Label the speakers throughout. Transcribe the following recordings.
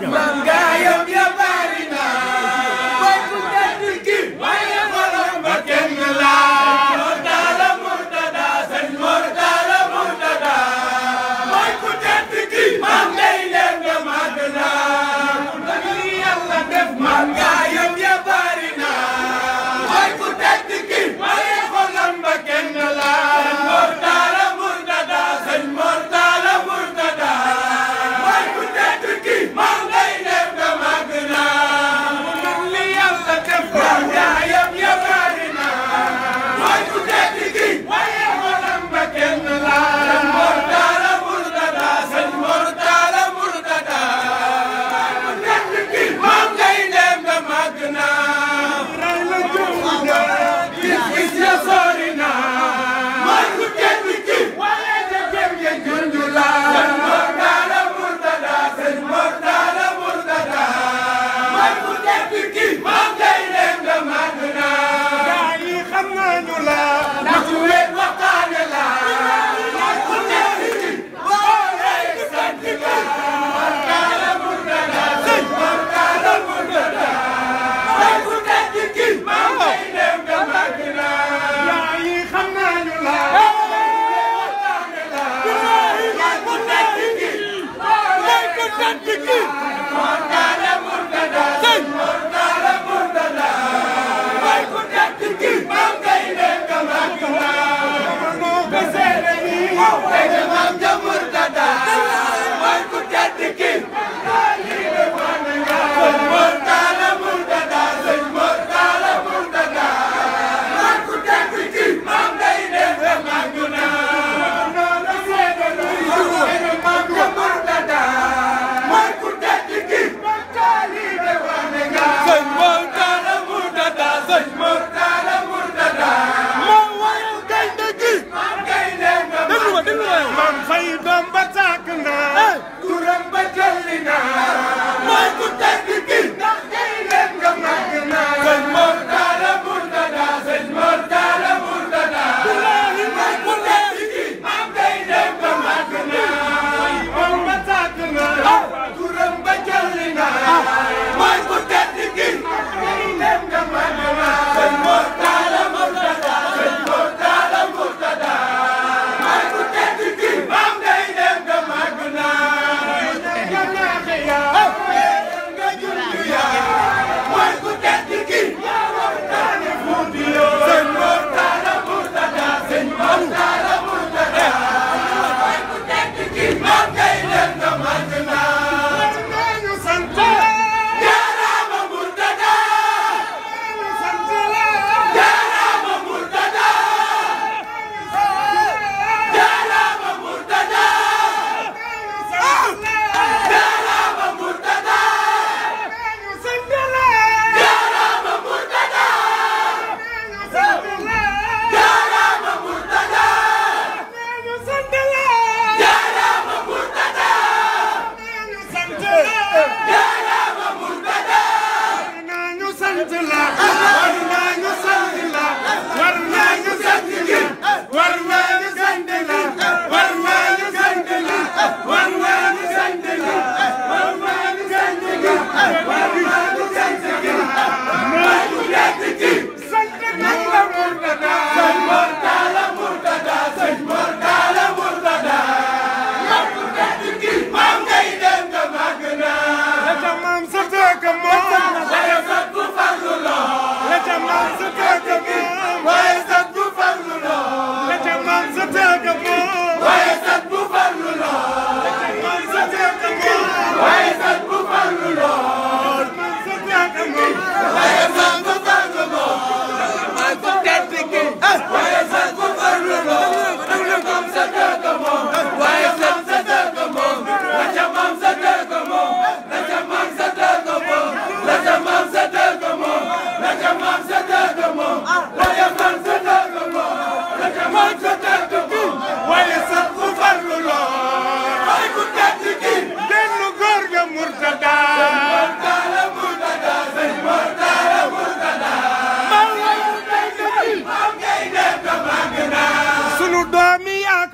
Speaker 1: Mangga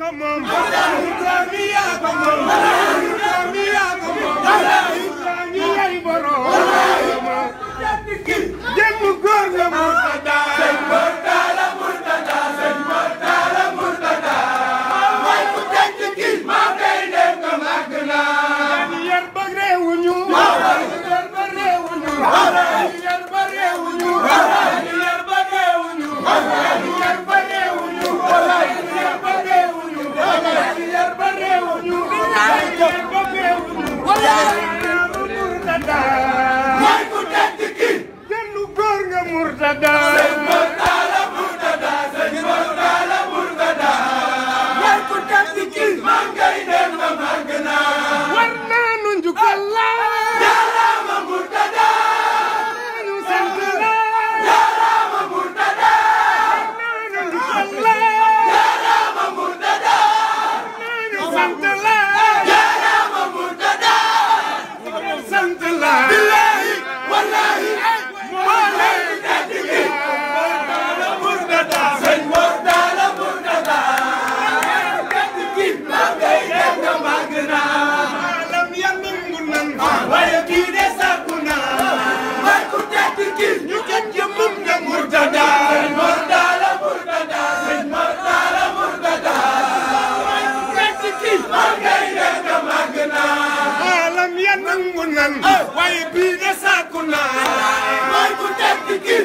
Speaker 1: ko moom. Ibrahima mi yaa ko moom. Ibrahima mi yaa ko moom. Ibrahima mi yaay borom. Jëmm góor la moo ko daal. nangu nan waaye bii de sàkku naa mooy ku tekki kii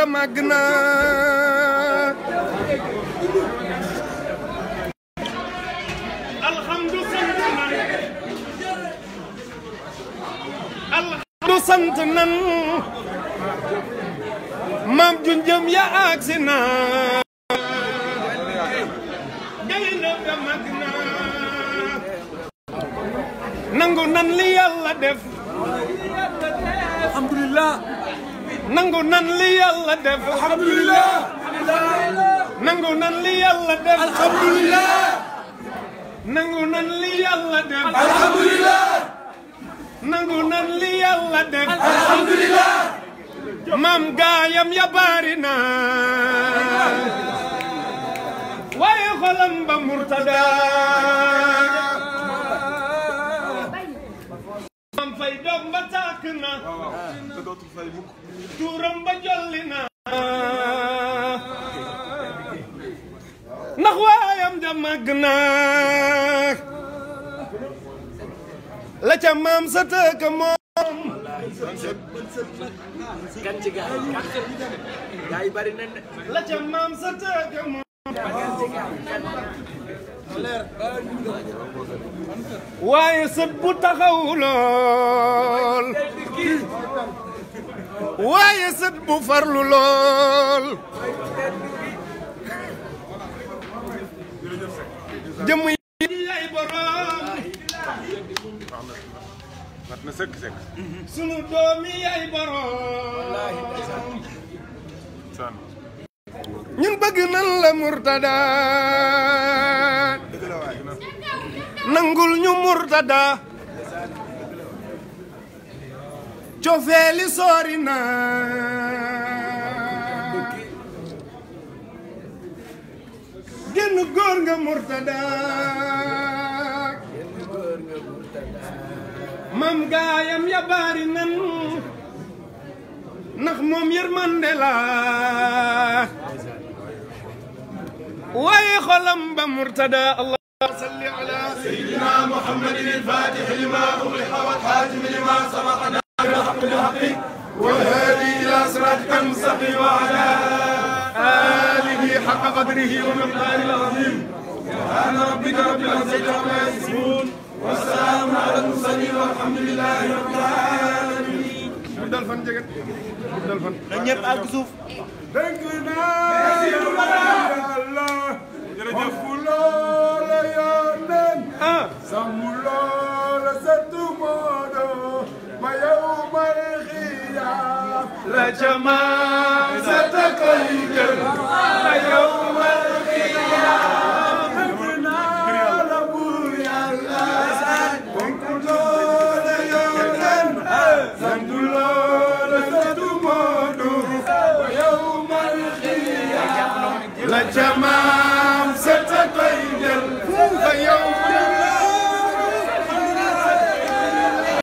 Speaker 1: ga màgg na alxamdu sant nan maam ju njëm ya agsi na nangu nan li yàlla def alhamdulillah nangu nan li yàlla def. alhamdulilah. nangu nan li yàlla def. Alhamdulillah, nangu nan li yàlla def. alhamdulilah. nangu nan li yàlla def. alhamdulilah. maam gaayam ya barina, na waaye xolam ba murtada fay doom ba tàkk na tuuram ba jolli na ndax waayam ja màgg na la ca maam sa la ca sa tëkk waaye sët bu taxaw lool waaye sët bu farlu lool jëm yi ay borom sunu doom yi ay borom ñun bëgg nan la murtada da cofeeli sori Genu genn nga murtada mam gaayam ya baari nan ndax moom yërmande la xolam ba murtada Allah صل على سيدنا محمد الفاتح لما أغلق والحاتم لما سبقنا بالحق الحق والهادي إلى صراطك المستقيم وعلى آله حق قدره ومقداره العظيم سبحان ربك رب العزة عما يصفون والسلام على المرسلين والحمد لله رب العالمين. بدل الفن جاكت بدل الفن. لن يبقى كسوف. دنكنا الله جرجفو la jamaa sa takkay gën